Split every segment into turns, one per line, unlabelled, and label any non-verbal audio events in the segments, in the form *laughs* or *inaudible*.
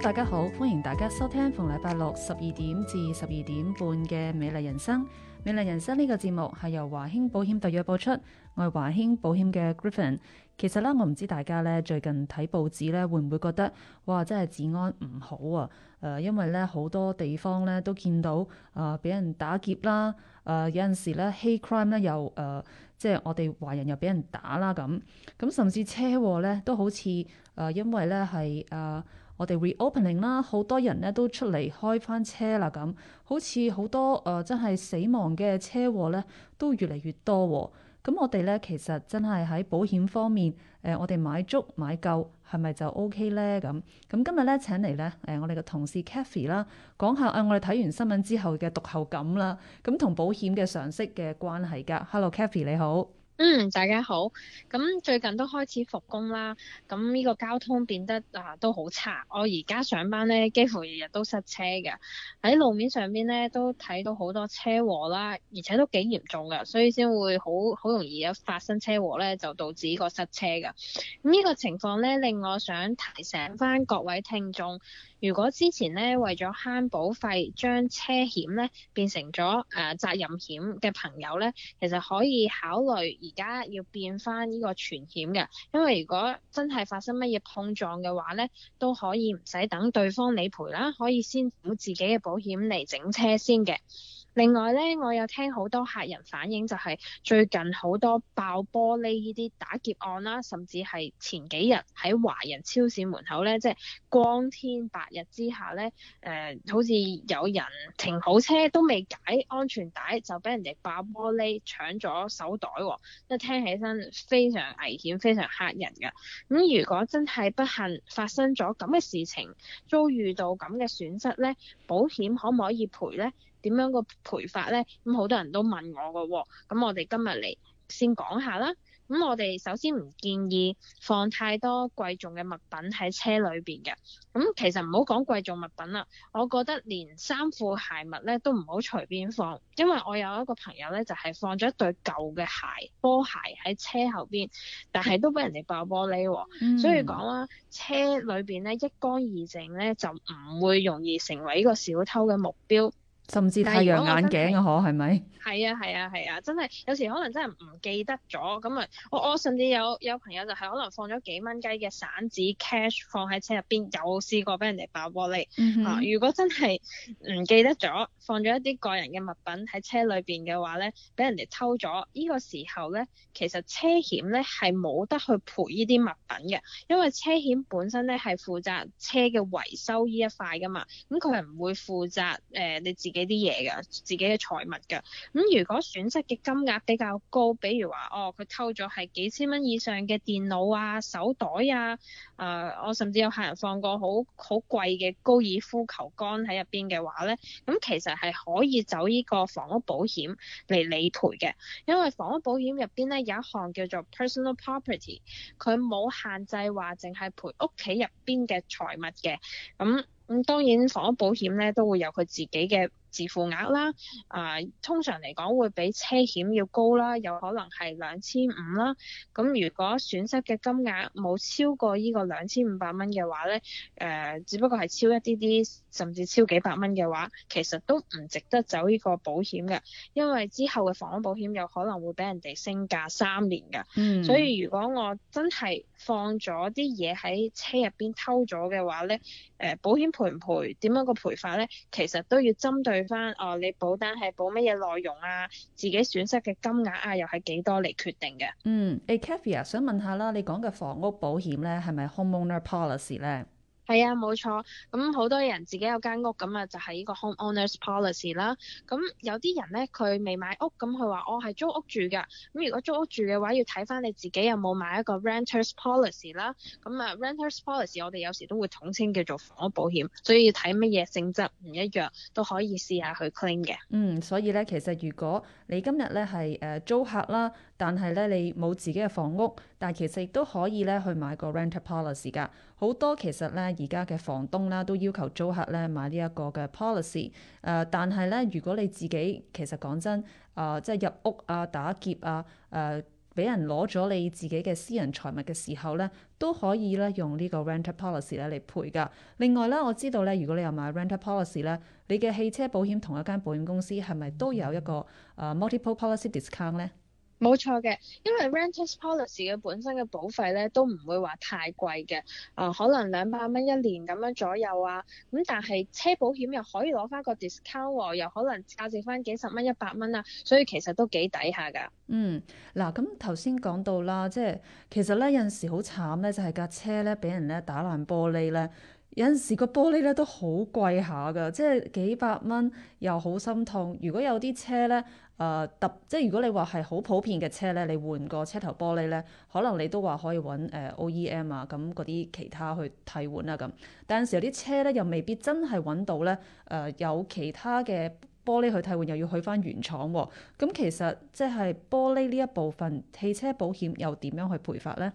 大家好，歡迎大家收聽逢禮拜六十二點至十二點半嘅《美麗人生》。《美麗人生》呢、這個節目係由華興保險特約播出。我係華興保險嘅 Griffin。其實咧，我唔知大家咧最近睇報紙咧會唔會覺得哇，真係治安唔好啊？誒、呃，因為咧好多地方咧都見到誒俾、呃、人打劫啦，誒、呃、有陣時咧 hate crime 咧又誒、呃、即係我哋華人又俾人打啦咁咁，甚至車禍咧都好似誒、呃、因為咧係誒。我哋 reopening 啦，好多人咧都出嚟開返車啦咁，好似好多誒真係死亡嘅車禍咧都越嚟越多喎。咁我哋咧其實真係喺保險方面，誒、呃、我哋買足買夠係咪就 OK 咧？咁咁今日咧請嚟咧誒我哋嘅同事 Kathy 啦，講下誒、啊、我哋睇完新聞之後嘅讀後感啦，
咁同保險嘅常識嘅關係噶。Hello，Kathy 你好。嗯，大家好。咁、嗯、最近都開始復工啦，咁、嗯、呢、呢個交通變得啊都好差。我而家上班呢幾乎日日都塞車嘅。喺路面上邊呢都睇到好多車禍啦，而且都幾嚴重噶，所以先會好好容易有發生車禍呢，就導致個塞車噶。咁、嗯、呢、呢個情況呢令我想提醒返各位聽眾，如果之前呢為咗慳保費，將車險呢變成咗誒、呃、責任險嘅朋友呢，其實可以考慮。而家要變翻呢個全險嘅，因為如果真係發生乜嘢碰撞嘅話咧，都可以唔使等對方理賠啦，可以先補自己嘅保險嚟整車先嘅。另外咧，我有聽好多客人反映，就係、是、最近好多爆玻璃呢啲打劫案啦，甚至係前幾日喺華人超市門口咧，即係光天白日之下咧，誒、呃，好似有人停好車都未解安全帶，就俾人哋爆玻璃搶咗手袋、喔，即係聽起身非常危險、非常嚇人㗎。咁如果真係不幸發生咗咁嘅事情，遭遇到咁嘅損失咧，保險可唔可以賠咧？點樣個賠法咧？咁好多人都問我嘅喎、哦，咁我哋今日嚟先講下啦。咁我哋首先唔建議放太多貴重嘅物品喺車裏邊嘅。咁其實唔好講貴重物品啦，我覺得連衫褲鞋襪咧都唔好隨便放，因為我有一個朋友咧就係、是、放咗一對舊嘅鞋，波鞋喺車後邊，但係都俾人哋爆玻璃、哦。 *laughs* 所以講啦，車裏邊咧一乾二淨咧，就唔會容易成為呢個小偷嘅目標。甚至太陽眼鏡啊，嗬，係咪？係啊，係啊，係啊，啊，真係有時可能真係唔記得咗咁啊！我、哦、我甚至有有朋友就係可能放咗幾蚊雞嘅散紙 cash 放喺車入邊，有試過俾人哋爆玻璃、嗯、哼啊！如果真係唔記得咗，放咗一啲個人嘅物品喺車裏邊嘅話咧，俾人哋偷咗，呢、呢個時候咧，其實車險咧係冇得去賠呢啲物品嘅，因為車險本身咧係負責車嘅維修呢一塊噶嘛，咁佢係唔會負責誒、呃、你自己。啲嘢㗎，自己嘅財物㗎。咁、嗯、如果損失嘅金額比較高，比如話哦，佢偷咗係幾千蚊以上嘅電腦啊、手袋啊，誒、呃，我甚至有客人放過好好貴嘅高爾夫球桿喺入邊嘅話咧，咁、嗯、其實係可以走呢個房屋保險嚟理賠嘅，因為房屋保險入邊咧有一項叫做 personal property，佢冇限制話淨係賠屋企入邊嘅財物嘅，咁、嗯。咁、嗯、當然房屋保險咧都會有佢自己嘅自付額啦，啊、呃、通常嚟講會比車險要高啦，有可能係兩千五啦。咁、啊、如果損失嘅金額冇超過個呢個兩千五百蚊嘅話咧，誒、呃、只不過係超一啲啲，甚至超幾百蚊嘅話，其實都唔值得走呢個保險嘅，因為之後嘅房屋保險有可能會俾人哋升價三年㗎。嗯、所以如果我真係放咗啲嘢喺車入邊偷咗嘅話咧，誒、呃、保險。賠唔賠？點樣個賠法咧？其實都要針對翻哦，你保單係保乜嘢內容啊？自己損失嘅金額啊，又係幾多嚟決定嘅。嗯，誒、欸，Kavia
想問下啦，你講嘅房屋保險咧，係咪 homeowner policy 咧？
係啊，冇錯。咁好多人自己有間屋，咁啊就係呢個 homeowners policy 啦。咁有啲人咧，佢未買屋，咁佢話我係租屋住噶。咁如果租屋住嘅話，要睇翻你自己有冇買一個 renters policy 啦。咁啊 renters policy，我哋有時都會統稱叫做房屋保險。所以要睇乜嘢性質唔一樣，都可以試下去 claim 嘅。嗯，所以咧，
其實如果你今日咧係誒租客啦，但係咧你冇自己嘅房屋，但係其實亦都可以咧去買個 renters policy 噶。好多其實咧，而家嘅房東啦，都要求租客咧買呢一個嘅 policy，呃。誒，但係咧，如果你自己其實講真，誒、呃，即係入屋啊、打劫啊、誒、呃，俾人攞咗你自己嘅私人財物嘅時候咧，都可以咧用呢個 rental policy 咧嚟賠㗎。另外咧，我知道咧，如果你有買 rental policy 咧，你嘅汽車保險同一間保險公司係咪都有一個誒、呃、multiple policy discount 咧？
冇錯嘅，因為 renters policy 嘅本身嘅保費咧都唔會話太貴嘅。啊、呃、可能兩百蚊一年咁樣左右啊，咁但係車保險又可以攞翻個 discount，啊、又可能價值翻幾十蚊一百蚊啊，所以其實都幾抵下噶。嗯，
嗱咁頭先講到啦，即係其實咧有陣時好慘咧，就係架車咧俾人咧打爛玻璃咧，有陣時個玻璃咧都好貴下噶，即係幾百蚊又好心痛。如果有啲車咧。誒特、呃、即係如果你話係好普遍嘅車咧，你換個車頭玻璃咧，可能你都話可以揾、呃、OEM 啊，咁嗰啲其他去替換啦咁。但有時有啲車咧，又未必真係揾到咧，誒、呃、有其他嘅玻璃去替換，又要去返原廠喎、啊。咁其實即係玻璃呢一部分，汽車保險又點樣去賠法咧？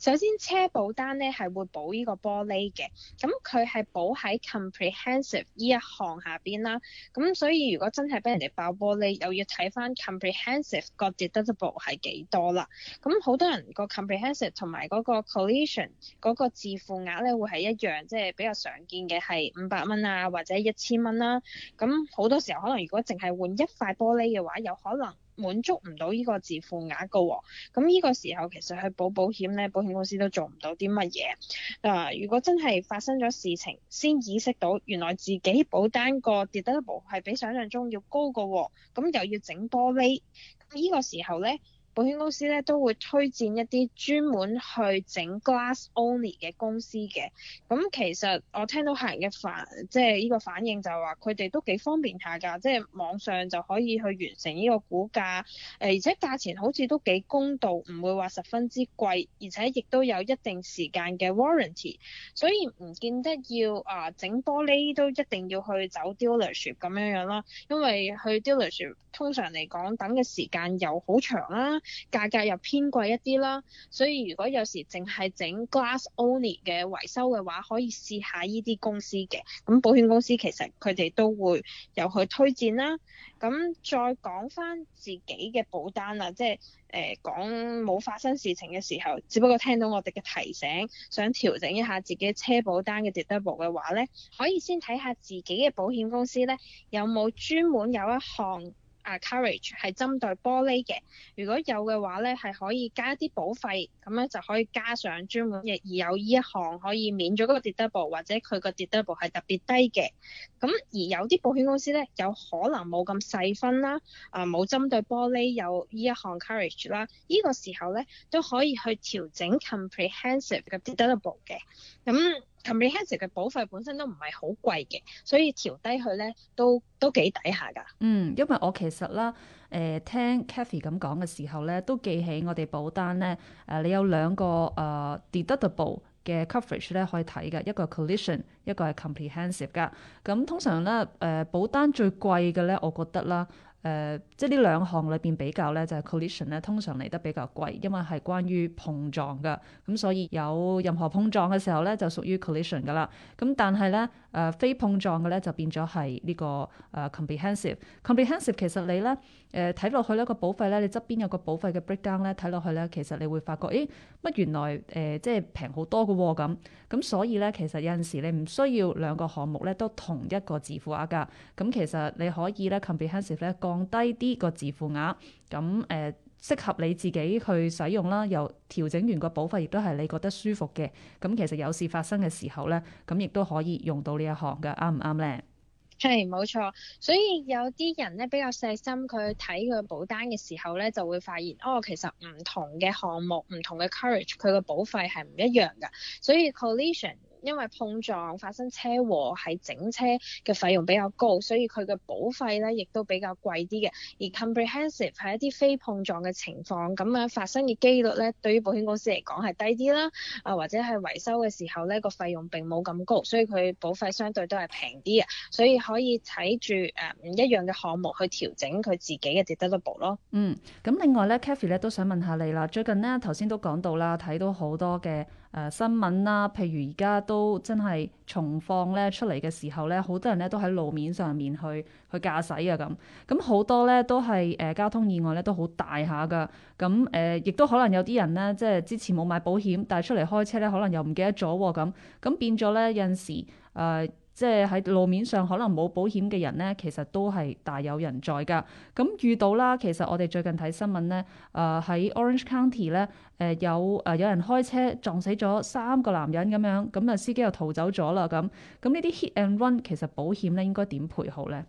首先車保單咧係會保呢個玻璃嘅，咁佢係保喺 comprehensive 呢一項下邊啦，咁所以如果真係俾人哋爆玻璃，又要睇翻 comprehensive 個 deductible 係幾多啦，咁好多人 com 個 comprehensive 同埋嗰個 collision 嗰個自付額咧會係一樣，即係比較常見嘅係五百蚊啊或者一千蚊啦，咁好多時候可能如果淨係換一塊玻璃嘅話，有可能。滿足唔到呢個自付額嘅、哦，咁呢個時候其實去保保險咧，保險公司都做唔到啲乜嘢。嗱、呃，如果真係發生咗事情，先意識到原來自己保單個 deductible 係比想像中要高嘅、哦，咁又要整玻璃呢？呢個時候咧。保險公司咧都會推薦一啲專門去整 glass only 嘅公司嘅，咁、嗯、其實我聽到客人嘅反，即係呢個反應就係話佢哋都幾方便下㗎，即係網上就可以去完成呢個估價，誒而且價錢好似都幾公道，唔會話十分之貴，而且亦都有一定時間嘅 warranty，所以唔見得要啊整、呃、玻璃都一定要去走 dealership 咁樣樣咯，因為去 dealership 通常嚟講等嘅時間又好長啦、啊。價格又偏貴一啲啦，所以如果有時淨係整 Glass Only 嘅維修嘅話，可以試下依啲公司嘅。咁保險公司其實佢哋都會有去推薦啦。咁再講翻自己嘅保單啦，即係誒、呃、講冇發生事情嘅時候，只不過聽到我哋嘅提醒，想調整一下自己車保單嘅 deductible 嘅話咧，可以先睇下自己嘅保險公司咧有冇專門有一項。啊，coverage 係針對玻璃嘅，如果有嘅話咧，係可以加一啲保費，咁咧就可以加上專門嘅，而有呢一行可以免咗嗰個 deductible，或者佢個 deductible 係特別低嘅。咁、嗯、而有啲保險公司咧，有可能冇咁細分啦，啊冇針對玻璃有呢一行 coverage 啦，呢、這個時候咧都可以去調整 comprehensive 嘅 deductible 嘅，咁、嗯。Comprehensive、嗯呃、嘅保費本身都唔係好貴嘅，所、呃呃、以調低佢咧都都幾抵下噶。嗯，因為我其
實啦，誒、呃、聽 Kathy 咁講嘅時候咧，都記起我哋保單咧，誒、呃、你有兩個誒、呃、deductible 嘅 coverage 咧可以睇嘅，一個係 collision，一個係 comprehensive 㗎。咁通常咧，誒、呃、保單最貴嘅咧，我覺得啦。誒、呃，即係呢兩項裏邊比較咧，就係、是、collision 咧，通常嚟得比較貴，因為係關於碰撞嘅，咁、嗯、所以有任何碰撞嘅時候咧，就屬於 collision 噶啦。咁、嗯、但係咧，誒、呃、非碰撞嘅咧，就變咗係呢個誒、呃、comprehensive。comprehensive 其實你咧，誒睇落去呢個保費咧，你側邊有個保費嘅 breakdown 咧，睇落去咧，其實你會發覺，咦、哎，乜原來誒、呃、即係平好多嘅喎咁。咁、嗯、所以咧，其實有陣時你唔需要兩個項目咧都同一個自付額噶。咁、嗯嗯、其實你可以咧 comprehensive 咧。Com 降低啲個自付額，咁誒適合你自己去使用啦。又調整完個保費，亦都係你覺得舒服嘅。咁其實有事發生嘅時候咧，咁亦都可以用到呢一項嘅，啱唔啱咧？
係冇錯，所以有啲人咧比較細心，佢睇佢保單嘅時候咧，就會發現哦，其實唔同嘅項目、唔同嘅 coverage，佢個保費係唔一樣噶。所以 collision。因為碰撞發生車禍，係整車嘅費用比較高，所以佢嘅保費咧亦都比較貴啲嘅。而 comprehensive 係一啲非碰撞嘅情況，咁樣發生嘅機率咧，對於保險公司嚟講係低啲啦。啊，或者係維修嘅時候咧，個費用並冇咁高，所以佢保費相對都係平啲嘅。所以可以睇住誒唔一樣嘅項目去調整佢自己嘅 deductible
咯。嗯，咁另外咧，Kathy 咧都想問下你啦。最近咧頭先都講到啦，睇到好多嘅。誒、呃、新聞啦、啊，譬如而家都真係重放咧出嚟嘅時候咧，好多人咧都喺路面上面去去駕駛啊，咁，咁好多咧都係誒、呃、交通意外咧都好大下㗎，咁誒亦都可能有啲人咧即係之前冇買保險，但係出嚟開車咧可能又唔記得咗，咁，咁變咗咧有陣時誒。呃即係喺路面上可能冇保險嘅人咧，其實都係大有人在㗎。咁遇到啦，其實我哋最近睇新聞咧，誒、呃、喺 Orange County 咧，誒、呃、有誒、呃、有人開車撞死咗三個男人咁樣，咁啊司機又逃走咗啦咁。咁呢啲 hit and run 其實保險咧應該點賠好咧？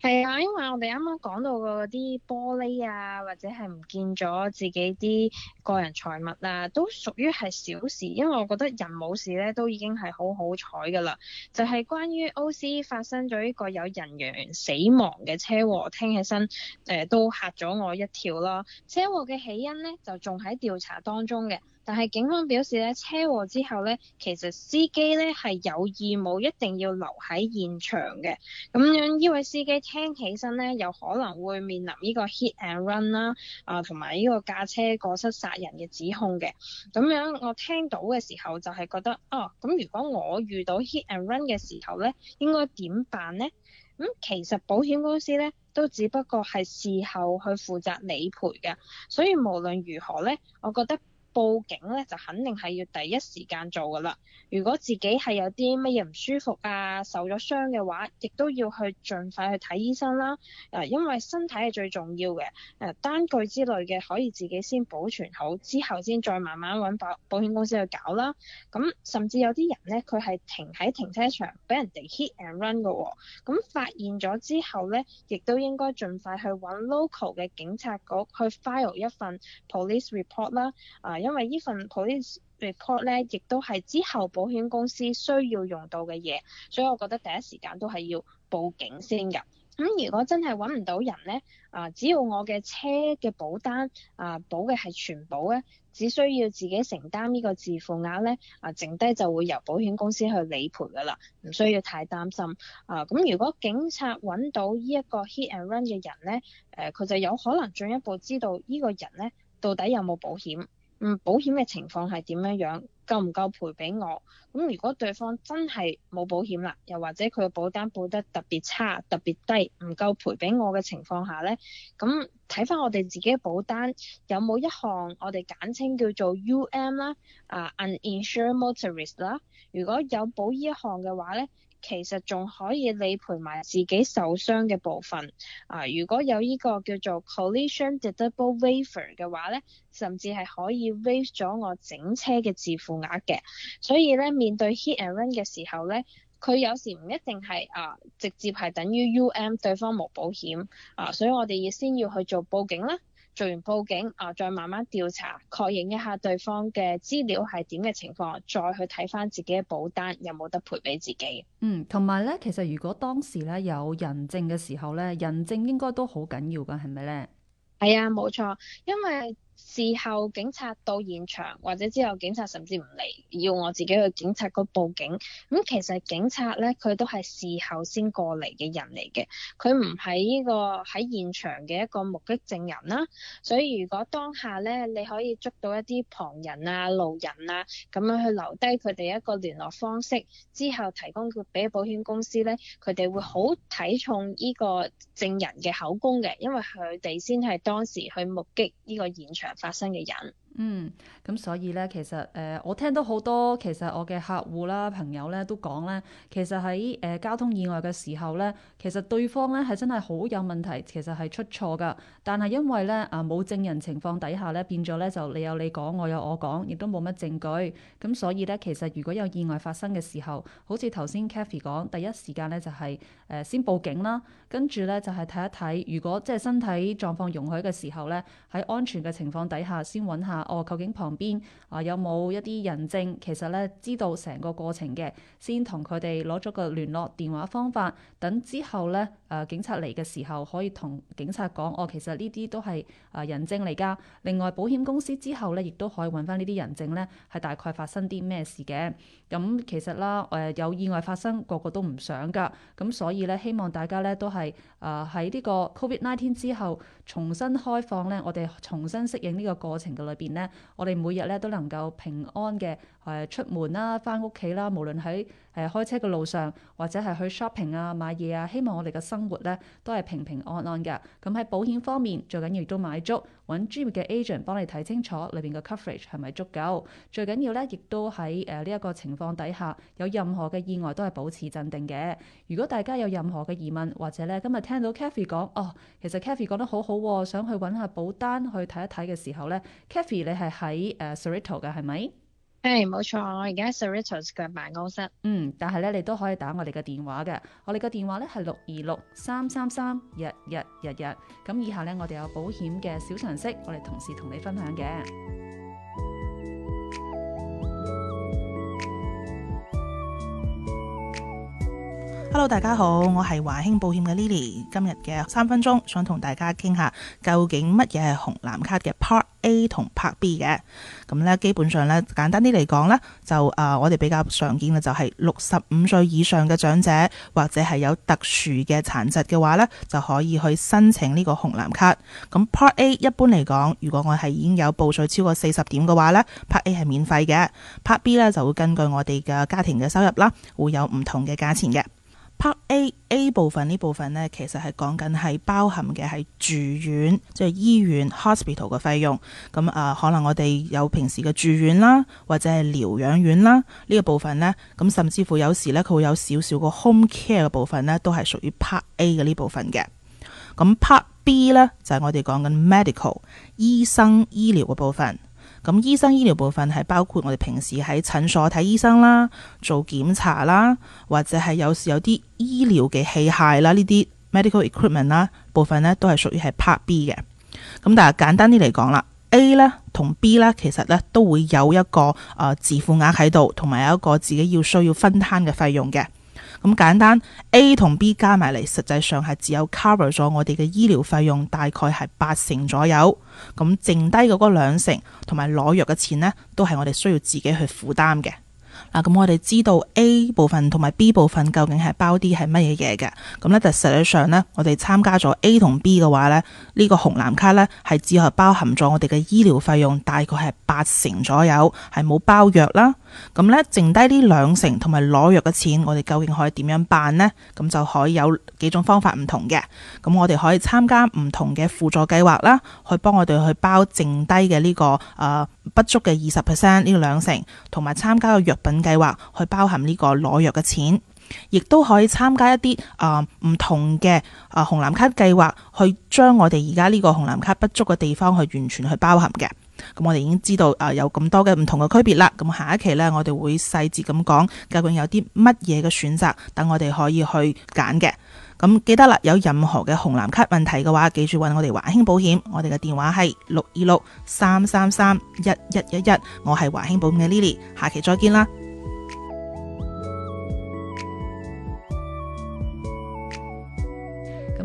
係啊，因為我哋啱啱講到個啲玻璃啊，或者係唔見咗自己啲個人財物啊，都屬於係小事。因為我覺得人冇事咧，都已經係好好彩噶啦。就係、是、關於 OC 發生咗呢個有人員死亡嘅車禍，聽起身誒、呃、都嚇咗我一跳咯。車禍嘅起因咧，就仲喺調查當中嘅。但係警方表示咧，車禍之後咧，其實司機咧係有義務一定要留喺現場嘅。咁樣呢位司機聽起身咧，有可能會面臨呢個 hit and run 啦、啊，啊同埋呢個駕車過失殺人嘅指控嘅。咁樣我聽到嘅時候就係覺得，哦、啊，咁如果我遇到 hit and run 嘅時候咧，應該點辦咧？咁、嗯、其實保險公司咧都只不過係事後去負責理賠嘅，所以無論如何咧，我覺得。報警咧就肯定係要第一時間做㗎啦。如果自己係有啲乜嘢唔舒服啊、受咗傷嘅話，亦都要去盡快去睇醫生啦。誒，因為身體係最重要嘅。誒，單據之類嘅可以自己先保存好，之後先再慢慢揾保保險公司去搞啦。咁、嗯、甚至有啲人咧，佢係停喺停車場俾人哋 hit and run 㗎喎、哦。咁、嗯、發現咗之後咧，亦都應該盡快去揾 local 嘅警察局去 file 一份 police report 啦。啊！因為份呢份 report 咧，亦都係之後保險公司需要用到嘅嘢，所以我覺得第一時間都係要報警先㗎。咁、嗯、如果真係揾唔到人咧，啊，只要我嘅車嘅保單啊保嘅係全保咧，只需要自己承擔呢個自付額咧，啊，剩低就會由保險公司去理賠㗎啦，唔需要太擔心。啊，咁、嗯、如果警察揾到呢一個 hit and run 嘅人咧，誒、啊，佢就有可能進一步知道呢個人咧到底有冇保險。嗯，保險嘅情況係點樣樣？夠唔夠賠俾我？咁如果對方真係冇保險啦，又或者佢嘅保單保得特別差、特別低，唔夠賠俾我嘅情況下咧，咁睇翻我哋自己嘅保單，有冇一項我哋簡稱叫做 UM 啦，uh, 啊 Uninsured Motorist 啦，如果有保依一項嘅話咧。其實仲可以理賠埋自己受傷嘅部分啊！如果有呢個叫做 collision deductible waiver 嘅話咧，甚至係可以 waive 咗我整車嘅自付額嘅。所以咧，面對 hit and run 嘅時候咧，佢有時唔一定係啊，直接係等於 UM 對方冇保險啊，所以我哋要先要去做報警啦。做完報警啊，再慢慢調查確認一下對方嘅資料係點嘅情況，再去睇返自己嘅保單有冇得賠俾自己。
嗯，同埋咧，其實如果當時咧有人證嘅時候咧，人證應該都好緊要㗎，係咪咧？
係啊，冇錯，因為，事後警察到現場，或者之後警察甚至唔嚟，要我自己去警察局報警。咁、嗯、其實警察咧，佢都係事後先過嚟嘅人嚟嘅，佢唔係呢個喺現場嘅一個目擊證人啦。所以如果當下咧，你可以捉到一啲旁人啊、路人啊，咁樣去留低佢哋一個聯絡方式，之後提供佢俾保險公司咧，佢哋會好睇重呢個證人嘅口供嘅，因為佢哋先係當時去目擊呢個現場。發生嘅人。
嗯，咁所以咧，其實誒、呃，我聽到好多其實我嘅客戶啦、朋友咧都講咧，其實喺誒、呃、交通意外嘅時候咧，其實對方咧係真係好有問題，其實係出錯㗎。但係因為咧啊冇證人情況底下咧，變咗咧就你有你講，我有我講，亦都冇乜證據。咁所以咧，其實如果有意外發生嘅時候，好似頭先 Kathy 講，第一時間咧就係、是、誒、呃、先報警啦，跟住咧就係、是、睇一睇，如果即係、就是、身體狀況容許嘅時候咧，喺安全嘅情況底下先揾下。我、哦、究竟旁邊啊有冇一啲人證？其實咧知道成個過程嘅，先同佢哋攞咗個聯絡電話方法。等之後咧，誒、啊、警察嚟嘅時候，可以同警察講：哦，其實呢啲都係啊人證嚟㗎。另外保險公司之後咧，亦都可以揾翻呢啲人證咧，係大概發生啲咩事嘅。咁、嗯、其實啦，誒、呃、有意外發生，個個都唔想㗎。咁、嗯、所以咧，希望大家咧都係啊喺呢個 Covid Nineteen 之後。重新開放咧，我哋重新適應呢個過程嘅裏邊咧，我哋每日咧都能夠平安嘅。誒出門啦，翻屋企啦，無論喺誒開車嘅路上，或者係去 shopping 啊買嘢啊，希望我哋嘅生活咧都係平平安安嘅。咁喺保險方面，最緊要亦都買足，揾專業嘅 agent 幫你睇清楚裏邊嘅 coverage 係咪足夠。最緊要咧，亦都喺誒呢一個情況底下，有任何嘅意外都係保持鎮定嘅。如果大家有任何嘅疑問，或者咧今日聽到 Kathy 講哦，其實 Kathy 講得好好，啊，想去揾下保單去睇一睇嘅時候咧，Kathy 你係喺誒 Sorito 嘅係咪？是。誒，冇錯、okay，我而家喺 Sirithos 嘅辦公室。嗯，但係咧，你都可以打我哋嘅電話嘅。我哋嘅電話咧係六二六三三三，日日日日。咁以後咧，我哋有保險嘅小常識，我哋同事同你分享嘅。
Hello，大家好，我係華興保險嘅 Lily。今日嘅三分鐘想同大家傾下，究竟乜嘢係紅藍卡嘅 Part A 同 Part B 嘅？咁咧，基本上咧，簡單啲嚟講咧，就誒、呃，我哋比較常見嘅就係六十五歲以上嘅長者或者係有特殊嘅殘疾嘅話咧，就可以去申請呢個紅藍卡。咁 Part A 一般嚟講，如果我係已經有報稅超過四十點嘅話咧，Part A 係免費嘅。Part B 咧就會根據我哋嘅家庭嘅收入啦，會有唔同嘅價錢嘅。Part A A 部分呢，部分呢，其實係講緊係包含嘅係住院，即係醫院 hospital 嘅費用。咁啊，可能我哋有平時嘅住院啦，或者係療養院啦，呢個部分呢，咁甚至乎有時呢，佢會有少少個 home care 嘅部分呢，都係屬於 Part A 嘅呢部分嘅。咁 Part B 呢，就係我哋講緊 medical 醫生醫療嘅部分。咁醫生醫療部分係包括我哋平時喺診所睇醫生啦，做檢查啦，或者係有時有啲醫療嘅器械啦，呢啲 medical equipment 啦部分呢，都係屬於係 part B 嘅。咁但係簡單啲嚟講啦，A 呢同 B 啦，其實呢都會有一個誒、呃、自付額喺度，同埋有一個自己要需要分攤嘅費用嘅。咁簡單，A 同 B 加埋嚟，實際上係只有 cover 咗我哋嘅醫療費用大概係八成左右，咁剩低嗰個兩成同埋攞藥嘅錢呢，都係我哋需要自己去負擔嘅。嗱、啊，咁、嗯、我哋知道 A 部分同埋 B 部分究竟係包啲係乜嘢嘢嘅，咁呢，就實際上呢，我哋參加咗 A 同 B 嘅話呢，呢、這個紅藍卡呢，係只係包含咗我哋嘅醫療費用大概係八成左右，係冇包藥啦。咁咧，剩低呢兩成同埋攞藥嘅錢，我哋究竟可以點樣辦呢？咁就可以有幾種方法唔同嘅。咁我哋可以參加唔同嘅輔助計劃啦，去幫我哋去包剩低嘅呢個誒、呃、不足嘅二十 percent 呢兩成，同埋參加個藥品計劃去包含呢個攞藥嘅錢，亦都可以參加一啲誒唔同嘅誒紅藍卡計劃，去將我哋而家呢個紅藍卡不足嘅地方去完全去包含嘅。咁、嗯、我哋已經知道誒、呃、有咁多嘅唔同嘅區別啦。咁、嗯、下一期呢，我哋會細節咁講，究竟有啲乜嘢嘅選擇，等我哋可以去揀嘅。咁、嗯、記得啦，有任何嘅紅藍卡問題嘅話，記住揾我哋華興保險，我哋嘅電話係六二六三三三一一一一。11 11, 我係華興保險嘅 Lily，下期再見啦。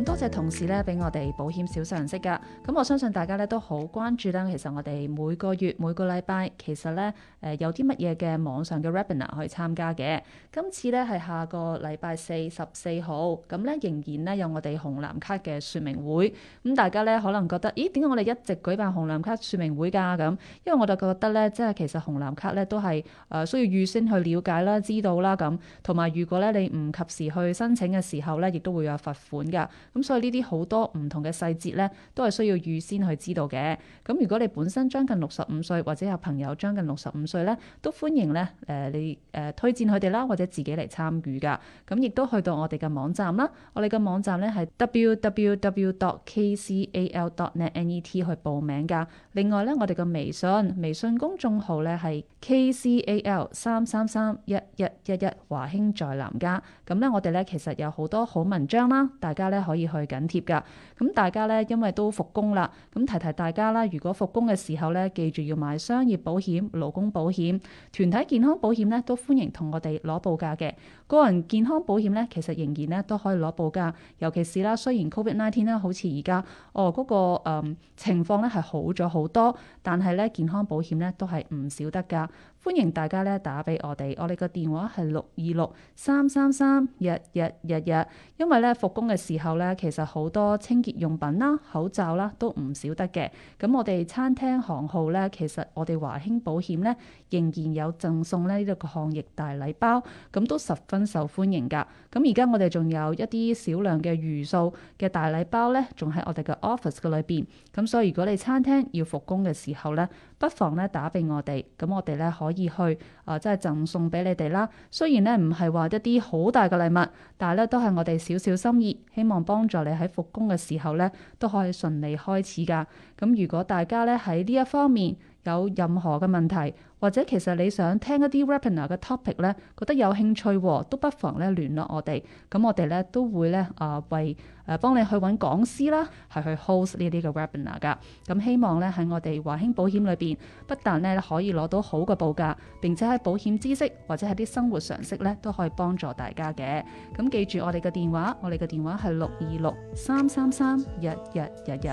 多謝同事咧，俾我哋保險小常識噶。咁我相信大家咧都好關注啦。其實我哋每個月、每個禮拜，其實咧誒有啲乜嘢嘅網上嘅 webinar 可以參加嘅。今次咧係下個禮拜四十四號，咁咧仍然咧有我哋紅藍卡嘅說明會。咁大家咧可能覺得，咦？點解我哋一直舉辦紅藍卡說明會噶？咁因為我就覺得咧，即係其實紅藍卡咧都係誒需要預先去了解啦、知道啦咁。同埋，如果咧你唔及時去申請嘅時候咧，亦都會有罰款噶。咁所以呢啲好多唔同嘅細節咧，都係需要預先去知道嘅。咁如果你本身將近六十五歲，或者有朋友將近六十五歲咧，都歡迎咧，誒、呃、你誒、呃、推薦佢哋啦，或者自己嚟參與噶。咁亦都去到我哋嘅網站啦，我哋嘅網站咧係 w w w. k c a l. net n e t 去報名噶。另外咧，我哋嘅微信微信公眾號咧係 k c a l 三三三一一一一華興在南加。咁咧，我哋咧其實有好多好文章啦，大家咧可以。去緊貼噶，咁、 *laughs* 嗯、大家咧，因為都復工啦，咁提提大家啦，如果復工嘅時候咧，記住要買商業保險、勞工保險、團體健康保險咧，都歡迎同我哋攞報價嘅。個人健康保險咧，其實仍然咧都可以攞報價，尤其是啦，雖然 Covid nineteen 咧，好似而家哦嗰、嗰個、呃、情況咧係好咗好多，但係咧健康保險咧都係唔少得噶。歡迎大家咧打俾我哋，我哋個電話係六二六三三三日日日日。1, 因為咧復工嘅時候咧，其實好多清潔用品啦、口罩啦都唔少得嘅。咁我哋餐廳行號咧，其實我哋華興保險咧仍然有贈送咧呢一個抗疫大禮包，咁都十分受歡迎㗎。咁而家我哋仲有一啲少量嘅餘數嘅大禮包咧，仲喺我哋嘅 office 嘅裏邊。咁所以如果你餐廳要復工嘅時候咧，不妨咧打俾我哋，咁我哋咧可以去啊，即係贈送俾你哋啦。雖然咧唔係話一啲好大嘅禮物，但係咧都係我哋少少心意，希望幫助你喺復工嘅時候咧都可以順利開始㗎。咁如果大家咧喺呢一方面有任何嘅問題，或者其實你想聽一啲 webinar 嘅 topic 呢？覺得有興趣都不妨咧聯絡我哋，咁我哋咧都會咧啊為誒幫你去揾講師啦，係去 host 呢啲嘅 webinar 噶。咁希望咧喺我哋華興保險裏邊，不但呢可以攞到好嘅報價，並且喺保險知識或者係啲生活常識咧都可以幫助大家嘅。咁記住我哋嘅電話，我哋嘅電話係六二六三三三一一一一。